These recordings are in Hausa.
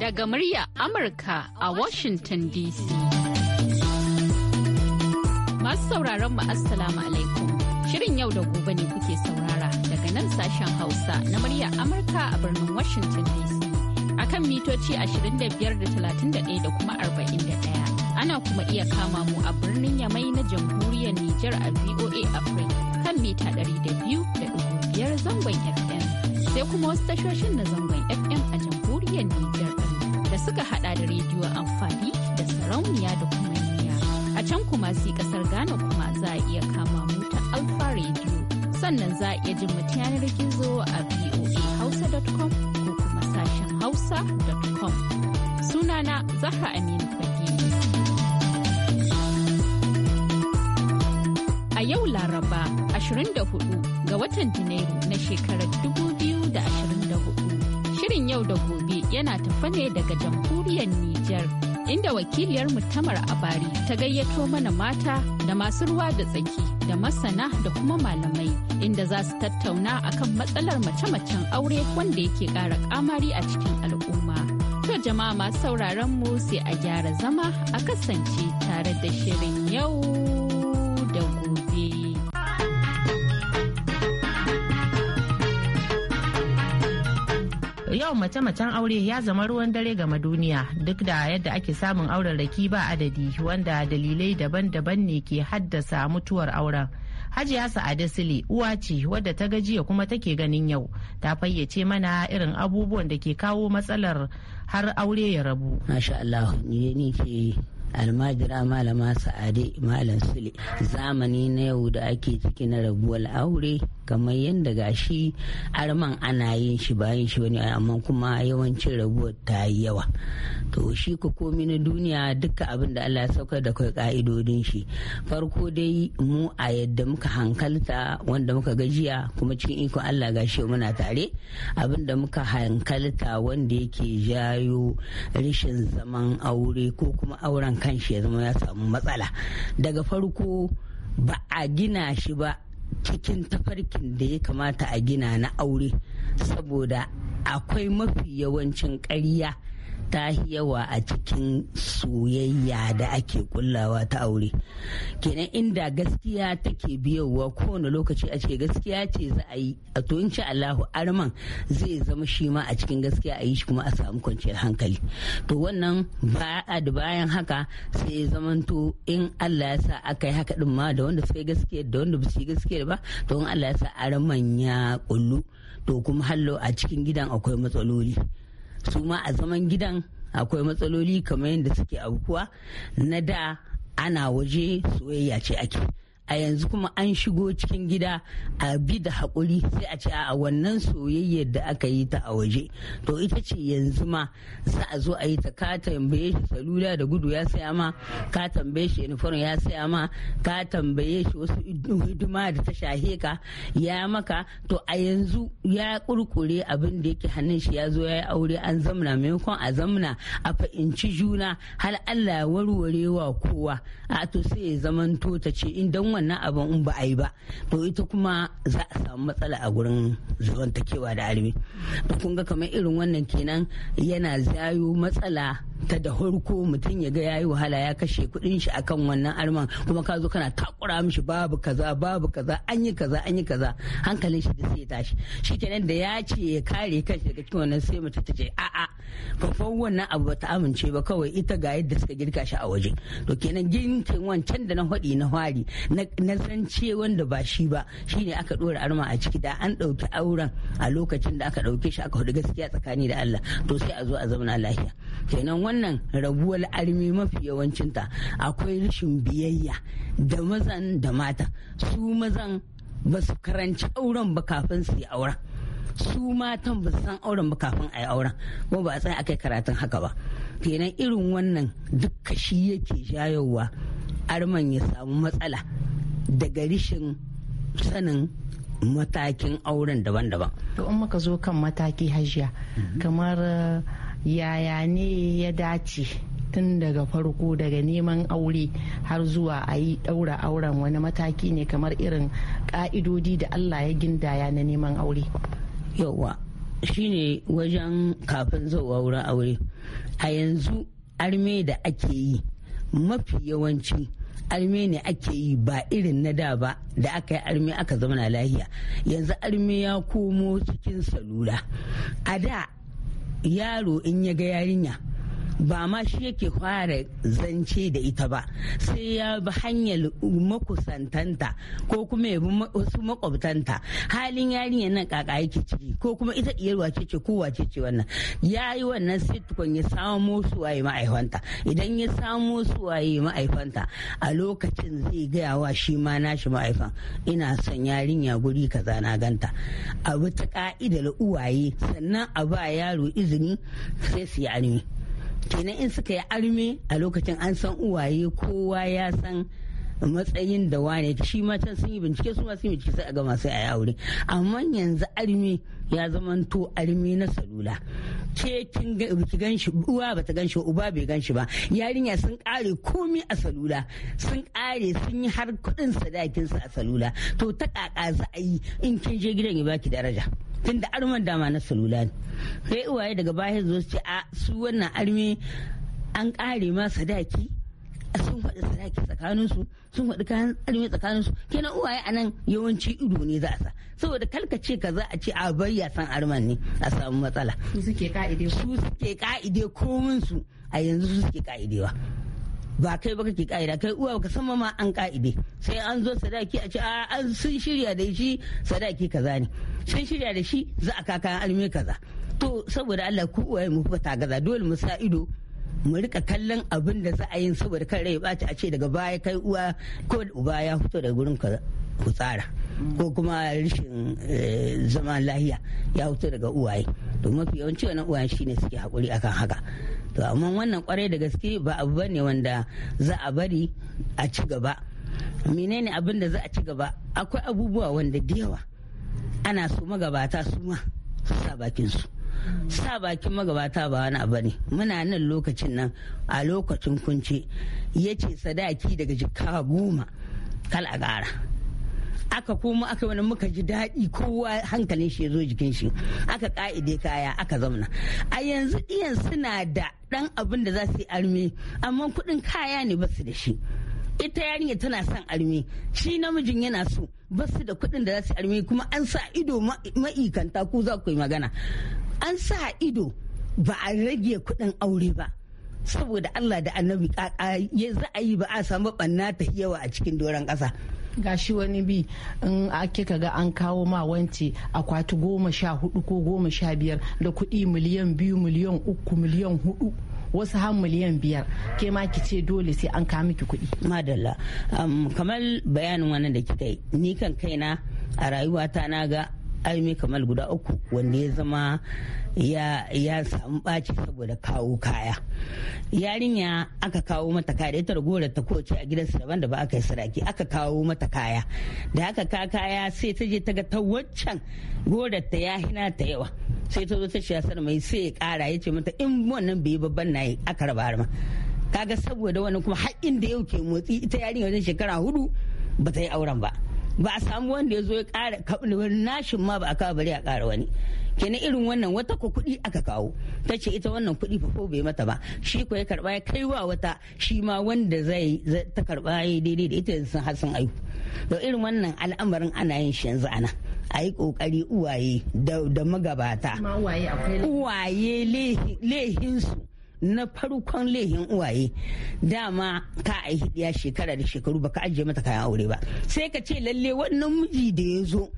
Daga murya Amurka a Washington DC. Masu sauraron mu Assalamu alaikum. Shirin yau da gobe ne kuke saurara daga nan sashen Hausa na murya Amurka a birnin Washington DC. kan mitoci 25.31 da kuma 41. Ana kuma iya kama mu a birnin Yamai na jamhuriyar Nijar a VOA Africa kan mita 200.5 zangon FM. Sai kuma wasu tashoshin na zangon FM a jamhuriyar Nijar da suka hada da rediyo amfani da sarauniya da kuma niya. A can kuma sai kasar Ghana kuma za a iya kama mu ta Alfa Radio. Sannan za a iya jin mu yanar gizo a voahausa.com ko sashen hausa.com. Sunana Zahra Aminu Fage. A yau Laraba 24 ga watan Janairu na shekarar 2024. Shirin yau da gobe yana tafa ne daga jamhuriyar Nijar. Inda wakiliyar mutamar abari ta gayyato mana mata da masu ruwa da tsaki da masana da kuma malamai inda za su tattauna akan matsalar mace-macen aure wanda yake ƙara ƙamari a cikin al'umma. To jama'a masu sauraron mu sai a gyara zama a kasance tare da shirin yau. yawan mace-macen aure ya zama ruwan dare game duniya duk da yadda ake samun auren raki ba adadi wanda dalilai daban-daban ne ke haddasa mutuwar auren. Hajiya Sa'ada Sile uwa ce wadda ta gajiya kuma take ganin yau ta fayyace mana irin abubuwan da ke kawo matsalar har aure ya rabu. almajira malama sa'ade malam sule zamani na yau da ake ciki na rabuwar aure kamar yadda gashi arman ana yin shi bayan shi wani amma kuma yawancin rabuwar ta yi yawa to shi ku komi na duniya duka abin da allah saukar da kai ka'idodin shi farko dai mu a yadda muka hankalta wanda muka gajiya kuma cikin ikon allah gashi muna tare abin da muka hankalta wanda yake jayo rashin zaman aure ko kuma auren kanshi ya zama ya samu matsala daga farko ba a gina shi ba cikin tafarkin da ya kamata a gina na aure saboda akwai mafi yawancin ƙarya ta yawa a cikin soyayya da ake kullawa ta aure kenan inda gaskiya take biyowa kowane lokaci a ce gaskiya ce za a yi a to insha Allahu arman zai zama shi ma a cikin gaskiya a yi shi kuma a samu kwanciyar hankali to wannan ba da bayan haka sai ya zamanto in Allah ya sa aka yi haka din ma da wanda suka yi gaskiya da wanda ba su yi gaskiya ba to in Allah ya sa arman ya kullu to kuma hallo a cikin gidan akwai matsaloli su ma a zaman gidan akwai matsaloli kamar yadda suke aukuwa na da ana waje soyayya ce ake a yanzu kuma an shigo cikin gida a bi da haƙuri sai a ce a wannan soyayyar da aka yi ta a waje to ita ce yanzu ma za a zo a yi ta ka tambaye shi salula da gudu ya saya ma ka tambaye shi uniform ya saya ma ka tambaye shi wasu hidima da ta shahe ka ya maka to a yanzu ya kurkure abin da yake hannun shi ya zo ya yi aure an zamna maimakon a zamna a fa'inci juna har Allah ya warware wa kowa a to sai ya zamanto ta ce in dan wannan abin in ba a yi ba to ita kuma za a samu matsala a gurin zamantakewa da armi to kun ga kamar irin wannan kenan yana zayo matsala ta da harko mutum ya ga yayi wahala ya kashe kuɗin shi akan wannan arman kuma ka zo kana takura mishi babu kaza babu kaza an yi kaza an yi kaza hankalin shi da sai tashi shi kenan da ya ce ya kare kanshi daga cikin wannan sai mutum ta ce a'a kafin wannan abu bata amince ba kawai ita ga yadda suka girka shi a waje to kenan ginkin wancan da na haɗi na hwari na zance wanda ba shi ba shine aka dora arma a ciki da an ɗauki auren a lokacin da aka ɗauke shi aka hudu gaskiya tsakani da Allah to sai a zo a zauna lafiya kenan wannan rabuwar armi mafi yawancinta akwai rashin biyayya da mazan da mata su mazan ba su karanci auren ba kafin su yi auren su matan ba san auren ba kafin a yi auren kuma ba a akai karatun haka ba kenan irin wannan duk shi yake jayowa arman ya samu matsala daga rashin sanin matakin auren daban-daban to in muka zo kan mataki hajiya mm-hmm. kamar yaya ne ya dace tun daga farko daga neman aure har zuwa a yi ɗaura auren wani mataki ne kamar irin ƙa'idodi da allah ya gindaya na neman aure yauwa ne wajen kafin zuwa wurin aure a yanzu arme da ake yi mafi yawanci arme ne ake yi ba irin na da ba da aka yi arme aka zama na lahiya yanzu arme ya komo cikin salula a da yaro in ya ga yarinya ba ma shi yake fara zance da ita ba sai ya bi hanyar makusantanta ko kuma ya bi wasu makwabtanta halin yarinya nan kaka yake ciki ko kuma ita iyar wace ce ko wace ce wannan ya yi wannan sai ya samo suwaye ma'aifanta idan ya samo suwaye ma'aifanta a lokacin zai gaya wa shi ma nashi ma'aifan ina son yarinya guri kaza na ganta abu ta ka'idar uwaye sannan a ba yaro izini sai su yi kenan in suka yi arme a lokacin an san uwaye kowa ya san matsayin da wane shi matan sun yi bincike su masu bincike sai a gama sai a yi aure amma yanzu armi ya zama to armi na salula ke kin gan shi uwa ta gan shi uba bai gan shi ba yarinya sun kare komi a salula sun kare sun yi har kudin sadakin su a salula to ta kaka za a yi in kin je gidan ya baki daraja tun da arman dama na salula ne sai uwaye daga baya zo ce a su wannan armi an kare ma sadaki sun faɗi sadaki tsakanin su sun faɗi kayan armi su kenan uwaye anan yawanci ido ne za a sa saboda kalkace ka za a ce a bai ya san arman ne a samu matsala su suke ka'ide komin su a yanzu su suke ka'idewa ba kai ba kake ka'ida kai uwa baka san ma an ka'ide sai an zo sadaki a ce a an sun shirya da shi sadaki kaza ne sun shirya da shi za a kaka alme kaza to saboda Allah ku uwaye mu ta gaza dole mu sa ido mu rika kallon abin da za a yi saboda kan rai ba a ce daga baya kai uwa ko uba ya fito daga gurin kaza ku tsara ko kuma rashin eh, zaman lahiya ya fito daga uwaye to mafi yawanci wannan uwaye shine suke hakuri akan haka to amma wannan kwarai da gaske ba abu bane wanda za a bari a ci gaba menene abin da za a ci gaba akwai abubuwa wanda da yawa ana so magabata su ma su sa bakin su sa bakin magabata ba wani abu ne muna nan lokacin nan a lokacin kunce yace sadaki daga jikawa goma kal a gara aka koma aka wani muka ji daɗi kowa hankalin shi ya zo jikin shi aka ka'ide kaya aka zauna a yanzu iyan suna da ɗan abin da za su yi arme amma kuɗin kaya ne ba su da shi ita yarinya tana son armi shi namijin yana so ba su da kuɗin da za su armi kuma an sa ido ma'ikanta ko za ku yi magana an sa ido ba a rage kuɗin aure ba saboda Allah da annabi za a yi ba a samu ɓanna ta yawa a cikin doron ƙasa gashi wani bi in kika ga an kawo ma wance akwati goma sha hudu ko goma sha biyar da kudi miliyan biyu miliyan uku miliyan hudu wasu har miliyan biyar ke ma ki ce dole sai an kawo miki kuɗi. madalla um, kamar bayanin wani da kika yi ni kan kaina a rayuwata na ga ayoyi kamar guda uku wanda ya zama ya samu ɓaci saboda kawo kaya yarinya aka kawo mata kaya da ita ragowar ta koce a gidan daban da ba aka yi saraki aka kawo mata kaya da aka ka kaya sai ta je ta ga ta waccan gorar ta ya hina ta yawa sai ta zo ta shi mai sai ya kara ya ce mata in wannan bai babban na yi aka raba ma kaga saboda wani kuma har inda yau ke motsi ita yarinya wajen shekara hudu ba ta yi auren ba ba a samu wanda ya zo ya kara kaɓin nashin ma ba a kawo bari a kara wani kenan irin wannan wata ko kuɗi aka kawo ta ce ita wannan kuɗi fa ko bai mata ba shi ko ya karba ya kai wa wata shi ma wanda zai ta karba ya daidai da ita sun sun ayu to irin wannan al'amarin ana yin shi yanzu ana a yi kokari uwaye da magabata uwaye lehinsu na farkon lehin uwaye dama ka aihi ya shekara da shekaru ba ka ajiye mata kayan aure ba sai ka ce lalle wannan miji da ya zo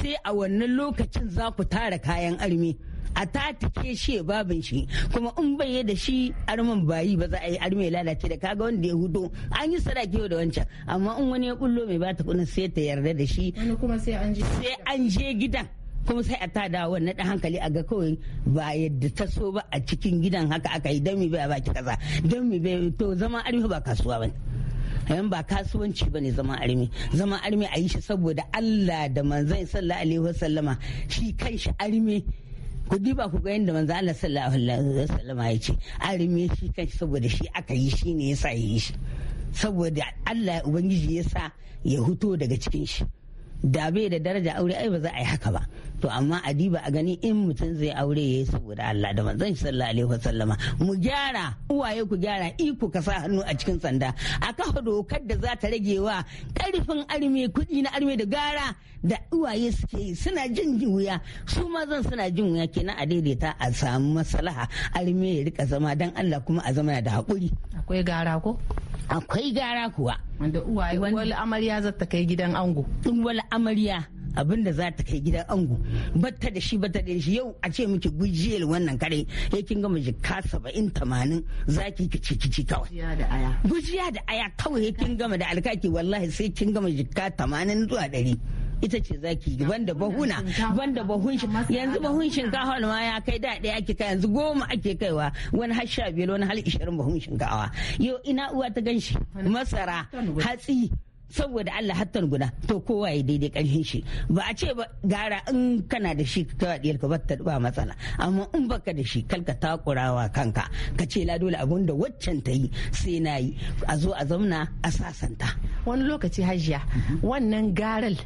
sai a wannan lokacin za ku tara kayan armi a tatike shi babin shi kuma in bai da shi arman bayi ba za a yi ya lalace da kaga wanda ya hudo an yi sadaki da wancan amma in wani ya kullo mai bata kuɗin sai ta yarda da shi sai an je gidan kuma sai a ta da wannan dan hankali a ga kawai ba yadda ta so ba a cikin gidan haka aka yi don mi bai baki kaza don mi bai to zama armi ba kasuwa ba yan ba kasuwanci ne zama arme zama arme a yi shi saboda Allah da manzan sallallahu alaihi wasallama shi kanshi arme ku diba ku ga yadda manzan Allah sallallahu alaihi wasallama ya ce arme shi kanshi saboda shi aka yi shi ne yasa yi shi saboda Allah ubangiji yasa ya huto daga cikin shi da bai da daraja aure ai ba za a yi haka ba to amma adiba a gani in mutum zai aure ya yi saboda Allah da manzon shi sallallahu alaihi wasallama mu gyara uwaye ku gyara iko ka sa hannu a cikin sanda a kafa dokar da za ta rage wa karfin arme kuɗi na arme da gara da uwaye suke yi suna jin wuya su ma zan suna jin wuya kenan a daidaita a samu maslaha arme ya rika zama dan Allah kuma a zama da haƙuri akwai gara ko akwai gara kuwa wanda uwaye wani amarya zata kai gidan ango wani amarya abin da za ta kai gidan ango batta da shi batta da shi yau a ce miki gujiyar wannan kare ya kin gama ka saba'in tamanin za ki kici kici kawai gujiya da aya kawai ya kin gama da alkaki wallahi sai kin gama ka tamanin zuwa ɗari ita ce ki yi banda bahuna banda bahun yanzu bahun shinkawa ma ya kai da ɗaya ake kai yanzu goma ake kaiwa wani har sha biyar wani har ishirin bahun shinkawa yau ina uwa ta ganshi masara hatsi saboda Allah hattan guda to kowa ya daidai ƙarfin shi ba a ce ba gara in kana da shi ka diyar ka batta ba matsala amma in baka da shi kalka takurawa kanka ka ce la dole abun da waccan ta yi sai na yi a zo a zauna a sasanta wani lokaci hajiya mhm. wannan garal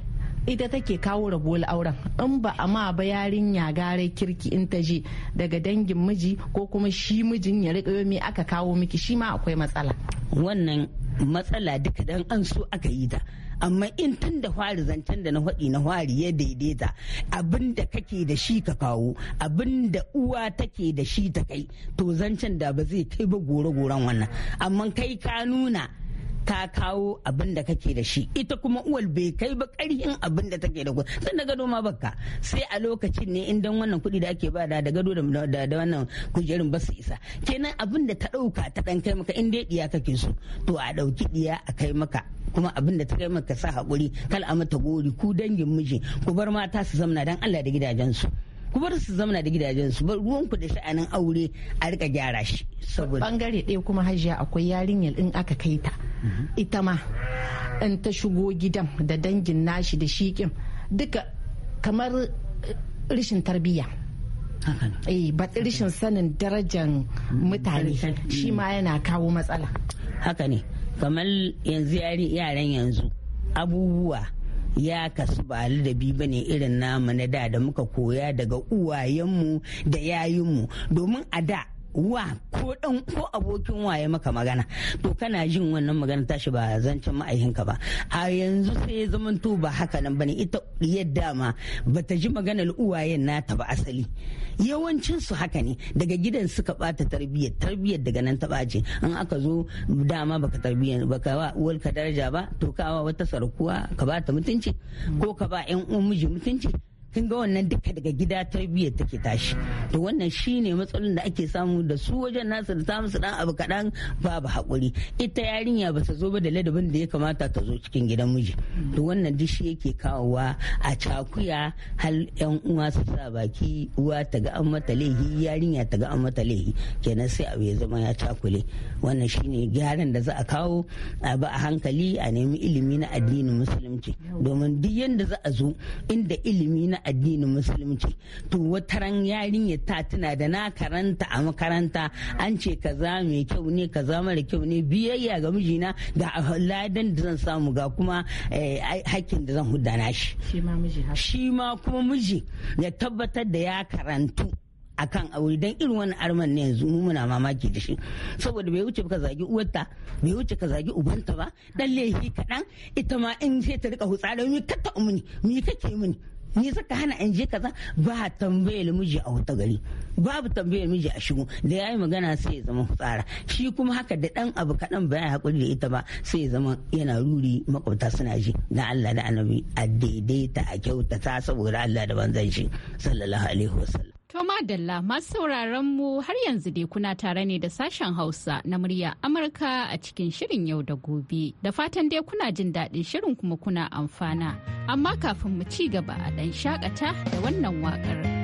ita take kawo rabuwar auren in ba a ma ba yarinya gare kirki in ta je daga dangin miji ko kuma shi mijin ya riƙa mai aka kawo miki shi ma akwai matsala wannan matsala duka dan an so aka yi ta amma in tun da hwari zancen da na faɗi na hwari ya daidaita abin da kake da shi ka kawo abin da uwa take da shi ta kai to zancen da ba zai kai ba gore-goren wannan amma kai ka nuna ta kawo abin da kake da shi ita kuma uwal bai kai ba ƙarhin abin da take da ku tun da gado ma baka sai a lokacin ne in dan wannan kuɗi da ake ba da gado da wannan kujerun ba su isa kenan abin da ta ɗauka ta ɗan kai maka in dai ɗiya kake so to a ɗauki ɗiya a kai maka kuma abin da ta kai maka sa hakuri kal a mata gori ku dangin miji ku bar mata su zamna dan Allah da gidajensu. su ku bar su zamana da gidajen su bar ruwan ku da sha'anin aure a rika gyara shi saboda bangare ɗaya kuma hajiya akwai yarinyar in aka kai ta mhm. ita ma in ta shigo gidan da dangin nashi da shikin duka kamar eh, rishin tarbiyya eh ba rishin sanin darajan mm, mutane shi ma yana kawo matsala haka ne kamar yanzu yaren yanzu abubuwa ya kasu ba ladabi ba ne irin namu na da da muka koya daga uwayenmu da yayinmu domin a da wa ko dan ko abokin waye maka magana to kana jin wannan magana tashi ba zancen ma'aikinka ba a yanzu sai zamanto ba haka nan bane ita yadda ma bata ji maganar uwayen nata ba asali yawancin su haka ne daga gidan suka bata tarbiyyar tarbiyyar daga nan ta bace in aka zo dama baka tarbiyyar baka wa uwarka daraja ba to kawa wata sarkuwa ka bata mutunci ko ka ba yan uwan miji mutunci kin ga wannan duka daga gida tarbiyyar take tashi to wannan shine matsalolin da ake samu da su wajen nasu da samu su dan abu kaɗan babu hakuri ita yarinya ba ta zo ba da ladabin da ya kamata ta zo cikin gidan miji to wannan duk shi yake kawowa a cakuya hal yan uwa su sa baki uwa ta ga an mata laihi yarinya ta ga an mata laihi kenan sai abu ya zama ya cakule wannan shine gyaran da za a kawo a ba a hankali a nemi ilimi na addinin musulunci domin duk yanda za a zo inda ilimi na addinin musulunci to wata wataran yarinya ta tuna da na karanta a makaranta an ce ka za mai kyau ne ka za mara kyau ne biyayya ga mijina ga ladan da zan samu ga kuma eh, hakkin da zan hudana shi shi ma kuma miji ya tabbatar da ya karantu akan aure dan irin wani arman ne yanzu mu muna mamaki da shi saboda bai wuce ka zagi uwarta bai wuce ka zagi ubanta ba dan laifi kaɗan ita ma in sai ta rika hutsa da mi kata umuni mi kake mini ni saka hana in je kaza ba tambayar miji a wata gari babu tambayar miji a shigo da yayi magana sai ya zama tsara shi kuma haka da dan abu kadan bayan hakuri da ita ba sai ya zama yana ruri makwabta suna ji da Allah da Annabi a daidaita a kyautata saboda Allah da banzan shi sallallahu alaihi wasallam To Madalla masu sauraron mu har yanzu dai kuna tare ne da sashen Hausa na murya Amurka a cikin shirin yau da gobe. Da fatan dai kuna jin daɗin shirin kuma kuna amfana. Amma kafin mu ci gaba a ɗan shakata da wannan waƙar.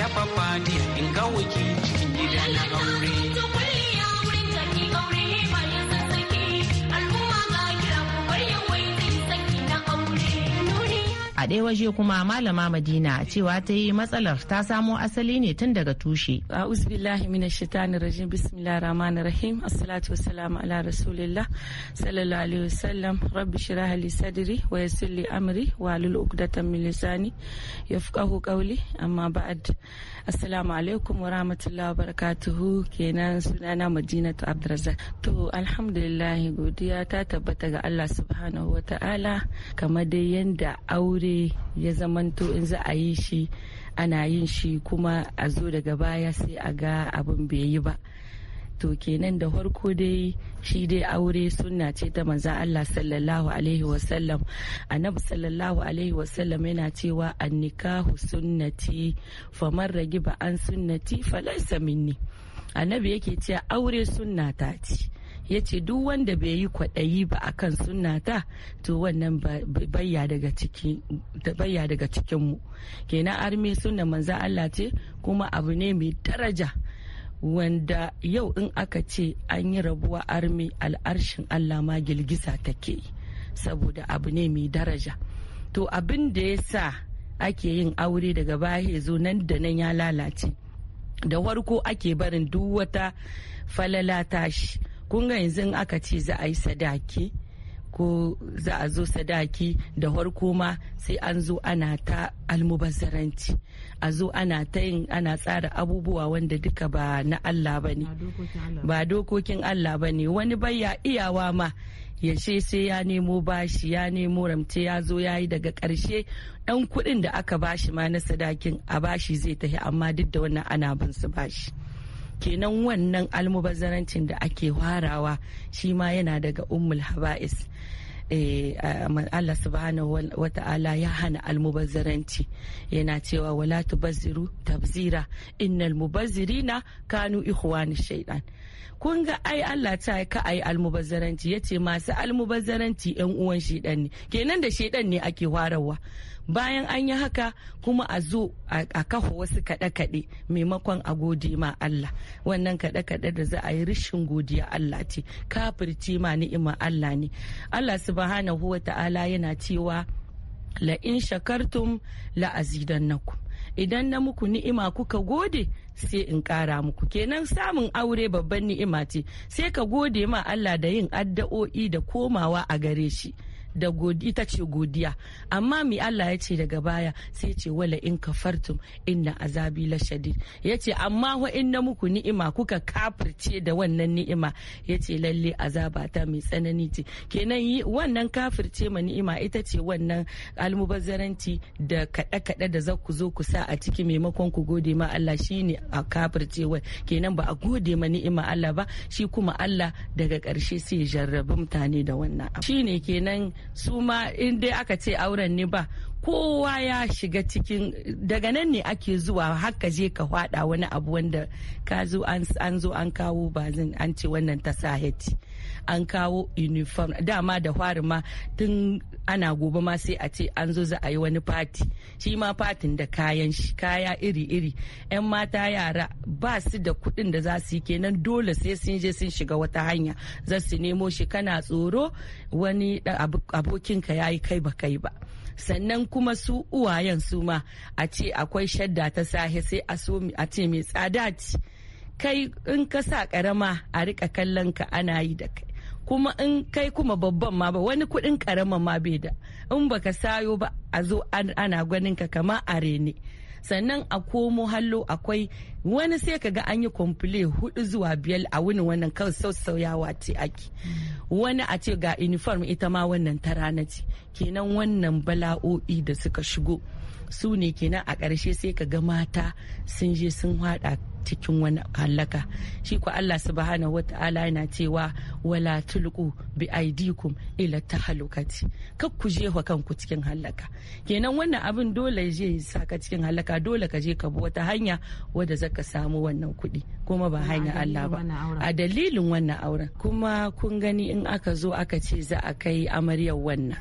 shafa fadi in ga wakili waje kuma malama madina cewa ta yi matsalar ta samo asali ne tun daga tushe a'udhu billahi minash shaitani rajim rahim assalatu wassalamu ala rasulillah sallallahu alaihi wasallam rabbi shrah li sadri wa yassir li amri wa lul uqdatan min lisani yafqahu qawli amma ba'd Assalamu alaikum wa rahmatullahi wa barakatuhu kenan sunana Madinatu Abdulrazak. To alhamdulillah godiya ta tabbata ga Allah subhanahu wa ta'ala kamar dai yadda aure ya zamanto in za a yi shi ana yin shi kuma a zo daga baya sai a ga abin bai yi ba. to kenan da harko dai shi dai aure sunna ce ta manzan Allah sallallahu alaihi wasallam annabi sallallahu alaihi wasallam yana cewa annikahu sunnati faman ragiba an sunnati falaisa minni annabi yake cewa aure sunna ta ce ya ce duk wanda bai yi kwaɗayi ba a akan sunnata to wannan bayya daga cikinmu kenan armi sunna manzan Allah ce kuma abu ne mai daraja wanda yau in aka ce an yi rabuwa armi al'arshin allah ma girgiza take saboda abu ne mai daraja to abin da ya sa ake yin aure daga baya zo nan da nan ya lalace da farko ake barin duk wata falala tashi kun ga yanzu in aka ce za a yi sadaki ko za a zo sadaki da harko ma sai an zo ana ta almubazzaranci a zo ana ta yin ana tsara abubuwa wanda duka ba na Allah ba ne ba dokokin Allah ba ne wani baya iyawa ma ya ce sai ya nemo bashi ya nemo ramce ya zo ya yi daga karshe ɗan kuɗin da aka bashi ma na sadakin a bashi zai tafi amma duk da wannan ana bin su bashi kenan wannan almubazzarancin da ake warawa shi ma yana daga ummul haba'is Eh, Allah subhanahu wa ta'ala ya hana almubazzaranci yana cewa wala tubazziru tabzira innal mubazzirina kanu ikhwani shaidan kun ga ai Allah ta ka ai almubazzaranci yace masu almubazzaranci yan uwan shaidan ne kenan da shaidan ne ake warawa bayan an yi haka kuma a zo a kafa wasu kaɗe-kaɗe maimakon a gode ma Allah wannan kaɗe-kaɗe da za a yi rishin godiya Allah ce kafirci ma ni'ima Allah ne Allah subhanahu wa ta'ala yana cewa la in shakartum la azidannakum idan na muku ni'ima kuka gode sai in kara muku kenan samun aure babban ni'ima ce sai ka gode ma Allah da yin addu'o'i da komawa a gare shi da ita ce godiya amma mi Allah ya ce daga baya sai ce wala in kafartum inna azabi la shadid ya ce amma wa inna muku ni'ima kuka kafirce da wannan ni'ima ya ce lalle azaba ta mai tsanani ce kenan wannan kafirce ma ni'ima ita ce wannan almubazzaranci da kaɗe-kaɗe da za ku zo ku sa a ciki maimakon ku gode ma Allah shi ne a kafirce wai kenan ba a gode ma ni'ima Allah ba shi kuma Allah daga ƙarshe sai ya mutane da wannan abu shine kenan su ma in dai aka ce auren ne ba kowa ya shiga cikin daga nan ne ake zuwa haka je ka hwada wani abu wanda ka zo an zo an kawo ba zan an ce wannan ta sahiti. an kawo uniform dama da fari ma tun ana gobe ma sai a ce an zo za a yi wani fati shi ma fatin da kayan shi kaya iri-iri 'yan mata yara ba su da kuɗin da za su yi kenan dole sai sun je sun shiga wata hanya za su nemo shi kana tsoro wani abokinka ya yi kai ba kai ba sannan kuma su uwayen su ma a ce akwai shadda ta sahe sai a ce mai tsada ce kai in ka sa karama a rika kallon ka ana yi da kai kuma in kai kuma babban ma ba wani kudin karama ma bai da in baka sayo ba a zo ana ganin ka kama a rene sannan a komo hallo akwai wani sai ka ga an yi komple hudu zuwa biyar a wani wannan kan sassauyawa ce ake wani a ce ga uniform ita ma wannan ta rana ce kenan wannan bala'o'i da suka shigo su ne kenan a ƙarshe sai ka ga mata sun je sun haɗa cikin wani hallaka shi ku Allah subhanahu wata'ala yana cewa wala tulqu bi aidikum ila tahlukati kak ku je wa kanku cikin hallaka kenan wannan abin dole je saka cikin hallaka dole ka je ka bi wata hanya wadda zaka samu wannan kuɗi kuma ba hanya Allah ba a dalilin wannan auren kuma kun gani in aka zo aka ce za a kai amaryar wannan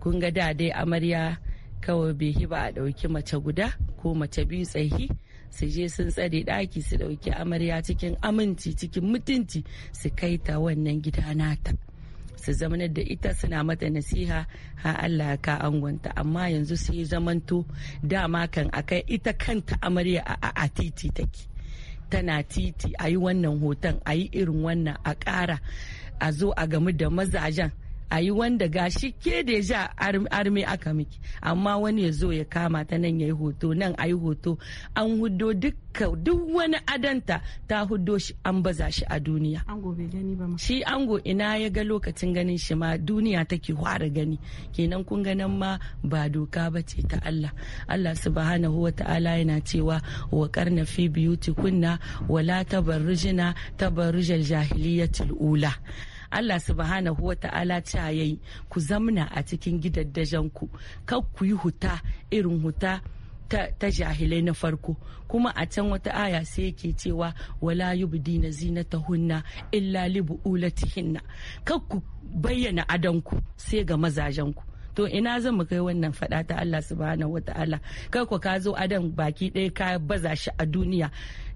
kun ga da dai amarya kawai bai ba a ɗauki mace guda ko mace biyu tsayi su je sun tsare ɗaki su ɗauki amarya cikin aminci cikin mutunci su kai ta wannan gida nata su zamana da ita suna mata nasiha ha Allah ka angonta amma yanzu sai zamanto dama kan akai ita kanta amarya a titi take tana titi a yi wannan hoton a yi irin wannan a ƙara a zo a gamu da mazajen a yi wanda gashi ke da ja arme aka miki amma wani ya zo ya kama ta nan ya yi hoto nan a yi hoto an hudo dukka duk wani adanta ta hudo shi an baza shi a duniya shi ango ina ya ga lokacin ganin shi ma duniya take fara gani kenan kun ganin ma ba doka ba ce ta Allah Allah subhanahu wa ta'ala yana cewa wa karna fi kunna wala tabarrujina tabarrujal jahiliyatul ula Allah subhanahu wa ta'ala ca yayi ku zamna a cikin gidaddajen ku kar ku yi huta irin huta ta, jahilai na farko kuma a can wata aya sai yake cewa wala na yubdina hunna illa li bu'ulatihinna kar ku bayyana adanku sai ga mazajenku to ina zan mu kai wannan fada ta Allah subhanahu ta'ala kar ku ka zo adan baki ɗaya ka baza shi a duniya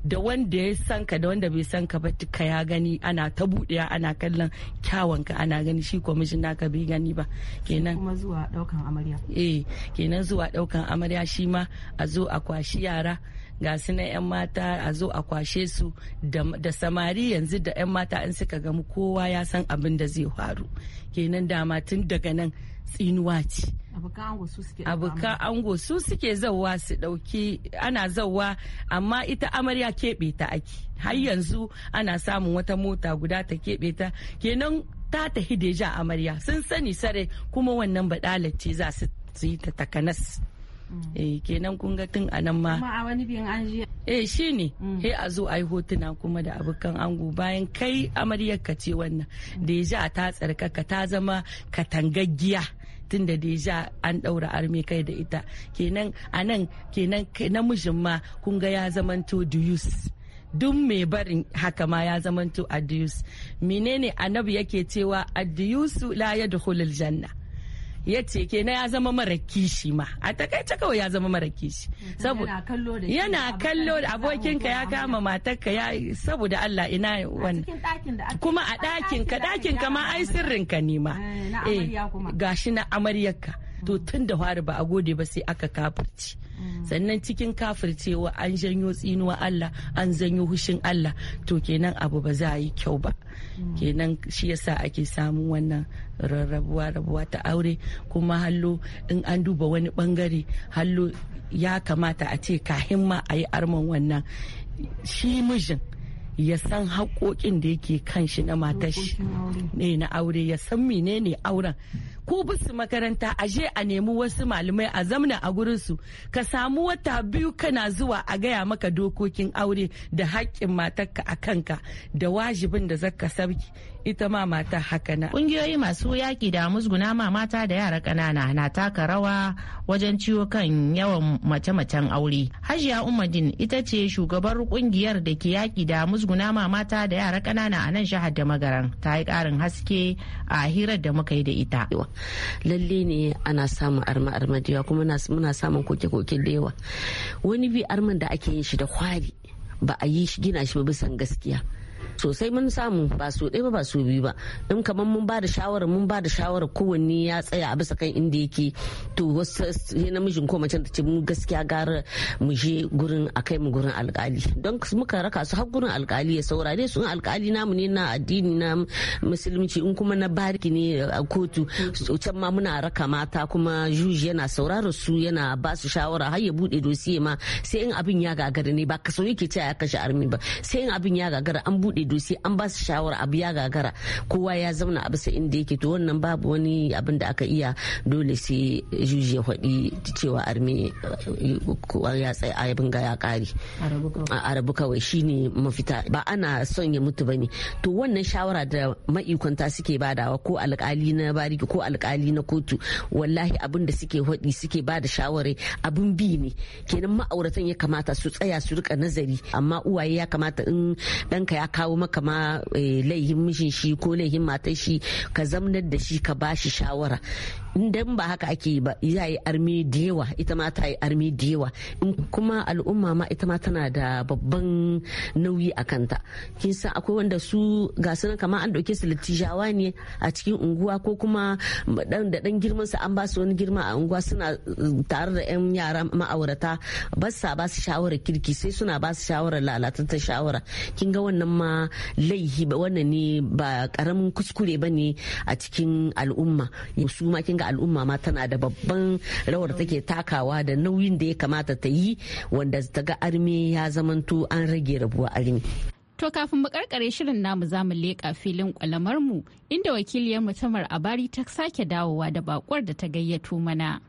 da wanda ya sanka da wanda bai san ka ba ka ya gani ana ta buɗewa ana kallon kyawanka ana gani shi kwamishin naka bai gani ba kenan kuma zuwa daukan amarya eh kenan zuwa daukan amarya shi ma a zo a kwashi yara ga su na 'yan mata a zo a kwashe su da samari yanzu da 'yan mata in suka gamu kowa ya san abin da zai faru kenan dama tun daga nan tsinuwa ce abokan ango su suke zauwa su dauki ana zauwa amma ita amarya keɓe ta ake har yanzu ana samun wata mota guda ta keɓe ta kenan ta tahi hideja amarya sun sani sare kuma wannan badalace za su yi ta takanas Mm. eh kenan kun ga tun anan ma kuma a wani biyan an ji eh shine mm. he a zo ai hotuna kuma da abokan ango bayan kai amaryar ka ce wannan da ya ji a ta tsarkaka ta zama katangaggiya tun da deja an ɗaura armi kai da ita kenan nan kenan namijin ma kun ga ya zamanto duyus duk mai barin haka ma ya zamanto adiyus menene annabi yake cewa adiyusu la ya yadkhulul janna ya ce ke na ya zama mara kishi ma a takaice kawai ya zama mara kishi yana kallo da abokinka ya kama matarka ya saboda Allah ina wannan kuma a ɗakin ka ɗakin ka ma ai sirrinka ne ma eh, eh, gashi na amaryarka to tun da fari ba a gode ba sai aka kafirci sannan cikin kafircewa an janyo tsinuwa Allah an zanyo hushin Allah to kenan abu ba za a yi kyau ba kenan shi yasa ake samun wannan rarrabuwa rabuwa ta aure kuma hallo in an duba wani bangare hallo ya kamata a ce kahin ma a yi arman wannan shi mijin ya san haƙoƙin da yake kan shi na matashi ne eh, na aure ya san menene auren ku bisu makaranta a je a nemi wasu malamai a zamna a su ka samu wata biyu kana zuwa a gaya maka dokokin aure da haƙƙin matarka a kanka da wajibin da zaka sabki ita ma mata haka Kungiyoyi masu yaƙi da musguna ma mata da yara ƙanana na taka rawa wajen ciwo kan yawan mace-macen aure. Hajiya Umadin ita ce shugabar kungiyar da ke yaƙi da musguna ma mata da yara ƙanana a nan jihar da magaran ta yi ƙarin haske a hirar da muka yi da ita. lalle ne ana samun arma arma da yawa kuma muna samun koke-koke da yawa wani bi arman da ake yin shi da kwari ba a yi gina shi ba bisan gaskiya sosai mun samu ba su ɗaya ba su biyu ba in kamar mun ba da shawara mun ba da shawara kowanne ya tsaya a bisa kan inda yake to wasu namijin ko macen ta ce mun gaskiya gara mu je gurin a kai mu gurin alkali don muka raka su har gurin alkali ya saurare su in alkali namu ne na addini na musulunci in kuma na bariki ne a kotu can ma muna raka mata kuma juji yana saurara su yana ba su shawara har ya bude dosiye ma sai in abin ya gagara ne ba kaso yake cewa ya kashe armi ba sai in abin ya gagara an buɗe ido sai an ba su shawara abu ya gagara kowa ya zauna a bisa inda yake to wannan babu wani abin da aka iya dole sai juji ya faɗi cewa arme ya tsaye yabin ga ya kare a arabu kawai shine mafita ba ana son ya mutu ba ne to wannan shawara da maikanta suke badawa ko alkali na bariki ko alkali na kotu wallahi abin da suke faɗi suke bada shawarai abin bi ne kenan ma'auratan ya kamata su tsaya su rika nazari amma uwaye ya kamata in ɗanka ya kawo kawo maka ma eh, laihin mijin shi ko laihin matar shi ka zamnar da shi ka ba shi shawara dan ba haka ake ba ya yi armi da yawa ita ma ta yi armi da yawa kuma al'umma ma ita ma tana da babban nauyi a kanta kin san akwai wanda su ga su kamar an dauke su littijawa ne a cikin unguwa ko kuma dan da dan girman su an ba su wani girma a unguwa suna eh, tare da yan yara ma'aurata ba sa ba su shawara kirki sai suna ba su shawara lalatattar shawara kin ga wannan ma laihi wannan ne ba karamin kuskure ba ne a cikin al'umma su ma kin ga ga al'umma ma tana da babban rawar take takawa da nauyin da ya kamata ta yi wanda ta ga arme ya zamanto an rage rabuwa arme To kafin mu karkare shirin namu za mu leƙa filin mu inda wakiliyar mutumar abari ta sake dawowa da baƙwar da ta gayyato mana.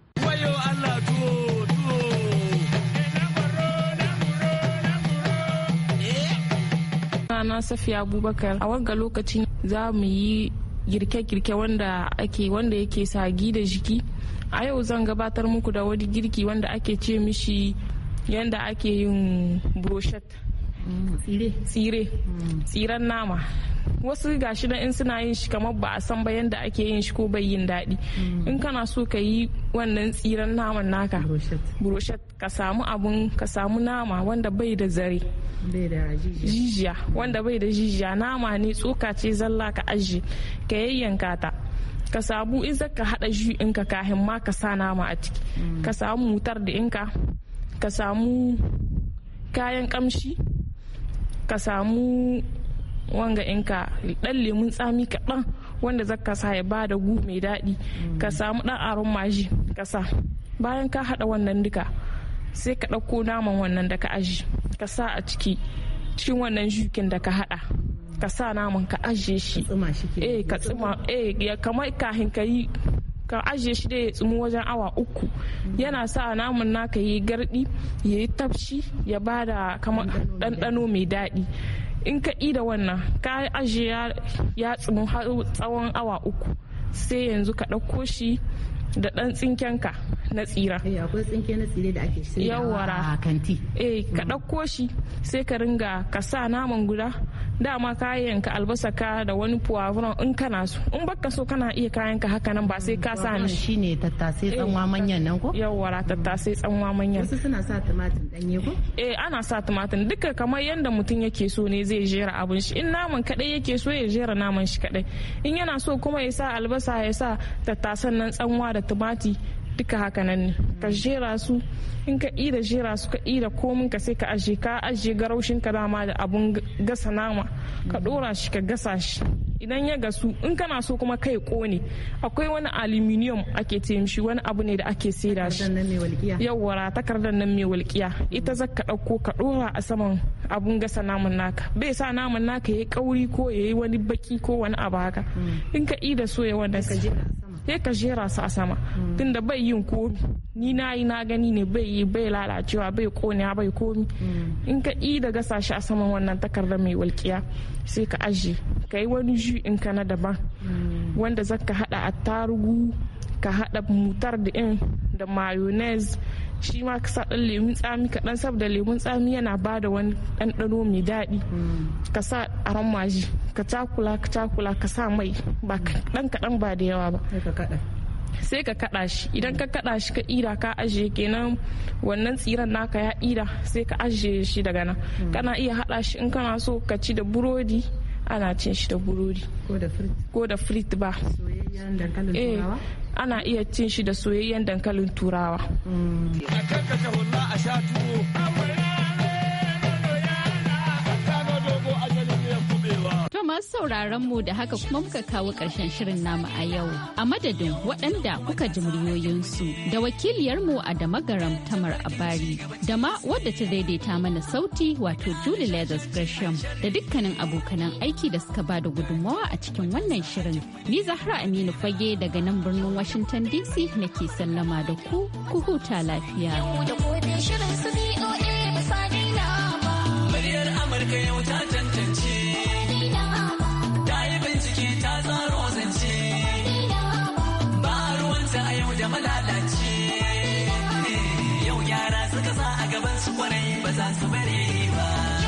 na Safiya Abubakar a wanga lokacin za mu yi girke-girke wanda ake wanda yake sagi da jiki a yau zan gabatar muku da wani girki wanda ake ce mishi yanda ake yin brochette tsire tsire tsiren hmm. nama wasu gashi na in suna yin shi kamar ba a san ba yanda ake yin shi ko bai yin daɗi hmm. in kana so ka yi wannan tsiren naman naka brochet ka samu abun ka samu nama wanda bai da zare jijiya wanda bai da jijiya nama ne tsoka ce zalla ka ajiye ka yayyanka ta ka samu in ka hada ju in ka kahin ma ka sa nama a ciki hmm. ka samu mutar da inka ka samu kayan kamshi ka samu wanga inka dan lemun tsami kaɗan wanda zaka sa ya ba da gu mai daɗi ka samu ɗan aron maji ka bayan ka haɗa wannan duka sai ka ɗauko naman wannan da ka aji ka sa a ciki cikin wannan jukin da ka haɗa ka sa naman ka ajiye shi ka tsima eh, eh kamar kahin ka yi ka ajiye shi da ya tsumu wajen awa uku yana sa namun naka yi gardi ya yi tafshi ya ba da kamar ɗanɗano mai daɗi in ka da wannan ka ajiye ya tsumu har tsawon awa uku sai yanzu ka ɗauko shi da ɗan tsinkenka na tsira. yawara eh, tsinke kanti. Eh, ka ɗauko shi sai ka ringa ka sa naman guda dama kayan ka albasa ka da wani puwavuron in kana so in baka so kana iya kayan ka haka nan ba sai ka sa ni shine tattasai eh, tsanwa manyan nan ko yawwa tattasai tsanwa manyan wasu suna sa tumatir danye ko eh ana sa tumatir duka kamar yanda mutum yake so ne zai jera abun shi in naman kadai yake so ya jera naman shi kadai in yana so kuma ya sa albasa ya sa tattasan nan tsanwa da tumati duka haka nan ne ka jera su in ka ida jera su ka ida komin ka sai ka aje ka aje garaushin ka dama da abun gasa nama ka dora shi ka gasa shi idan ya gasu in kana so kuma kai kone akwai wani aluminium ake ce mishi wani abu ne da ake saida shi yawwa takardar nan mai walƙiya ita zaka ɗauko ka ɗora a saman abun gasa namun naka bai sa namun naka yayi kauri ko yayi wani baki ko wani abu mm. in ka ida so ya wanda sai ka jera su a sama tunda bai yin komi ni na yi na gani ne bai yi bai lalacewa bai konewa bai komi mm. in ka i da gasa shi a saman wannan takardar mai walƙiya sai ka aje ka yi wani ju in ka na daban mm. wanda zaka hada tarugu ka haɗa mutar da in da mayonnaise shi ma ka sa lemun tsami kaɗan saboda lemun tsami yana ba da wani ɗanɗano mai daɗi ka sa aron maji ka cakula ka cakula ka sa mai ba kaɗan kaɗan ba da yawa ba sai ka kada shi idan ka kada shi ka ira ka ajiye kenan wannan tsiran naka ya ira sai ka ajiye shi daga nan mm. kana iya hada shi in kana so ka ci da burodi ana cin shi da burodi ko da frit ba ana iya cin shi da soyayyen dankalin turawa. A masu sauraron mu da haka kuma muka kawo ƙarshen shirin namu a yau. A madadin waɗanda kuka ji muryoyinsu da wakiliyarmu a Damagaram Tamar Abari da ma wadda ta daidaita mana sauti wato Julie Leathers Gresham da dukkanin abokanan aiki da suka ba da gudunmawa a cikin wannan shirin. Ni Zahra Aminu Fage daga nan birnin Washington DC nake sallama da ku, ku huta lafiya. Yau shirin su ba. Muryar Amurka yau ta